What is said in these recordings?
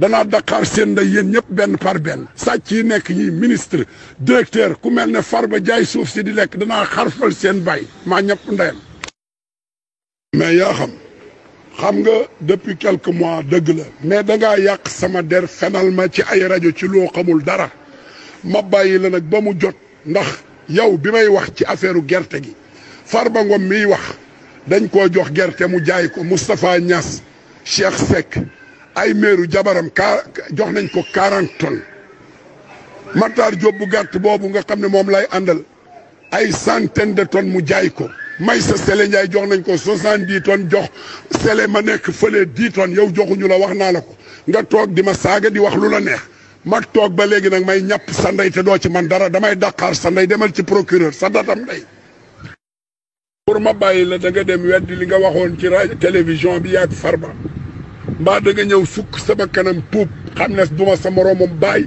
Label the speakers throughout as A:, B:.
A: danaa daqaar seen nday yéen ñëpp benn par benn sàcc yi nekk yi ministre directeur ku mel ne ba jaay suuf si di lekk danaa xarfal seen bay maa ñëpp ndeyam mais yaa xam xam nga depuis quelque mois dëgg la mais dangaa yàq sama der fenal ma ci ay rajo ci loo xamul dara ma bàyyi la nag ba mu jot ndax yow bi may wax ci affaire gerte gi ba Ngom miy wax dañ koo jox gerte mu jaay ko Moustapha Niass Cheikh Seck ay meeru jabaram ka jox nañ ko 40 tonnes Matar Diop bu gàtt boobu nga xam ne moom lay àndal ay centaine de tonnes mu jaay ko may sa Sele Ndiaye jox nañ ko 70 tonnes jox Sele ma nekk fële di tonnes yow joxuñu la wax naa la ko nga toog di ma saaga di wax lu la neex ma toog ba léegi nag may ñàpp sa ndey te doo ci man dara damay daqaar sa ndey demal ci procureur sa datam ndey pour ma bàyyi la da nga dem weddi li nga waxoon ci rajo télévision bi yaag Farba. mbaa da nga ñëw sukk sama kanam tuub xam ne du ma sa moroomam baay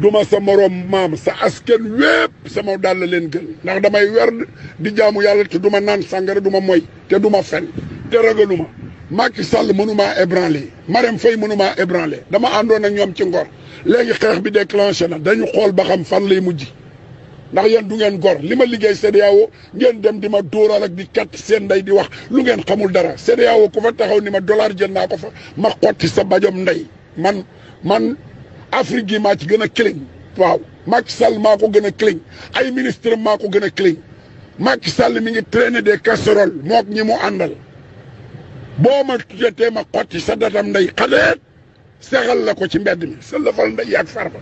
A: du ma sa moroom maam sa asken wépp sama daal la leen gën ndax damay werd di jaamu yàlla te du ma naan sangara du ma moy te du ma fen te ragalu ma Macky Sall mënumaa ébranlé Marème fay mënumaa ébranlé dama àndoon ak ñoom ci ngor léegi xeex bi déclenché na dañu xool ba xam fan lay mujj ndax yéen du ngeen gor li ma liggéey CEDEAO ngeen dem di ma dóoral ak di kat seen ndey di wax lu ngeen xamul dara CEDEAO ku fa taxaw ni ma dollar jël naa ko fa ma xotti sa bajom ndey man man Afrique gi maa ci gën a clean waaw Macky Sall maa ko gën a clean ay ministre maa ko gën a clean Macky Sall mi ngi traîner des casseroles mook ñi mu àndal boo ma tuddee ma xotti sa datam ndey xadeet sexal la ko ci mbedd mi sa lëfal ndey ak farba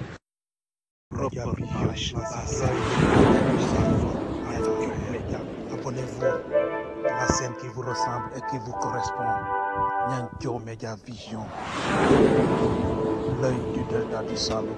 A: Abonnez-vous à la scène qui vous ressemble et qui vous correspond. Nyankyo Media Vision, ah, l'œil du delta du salon.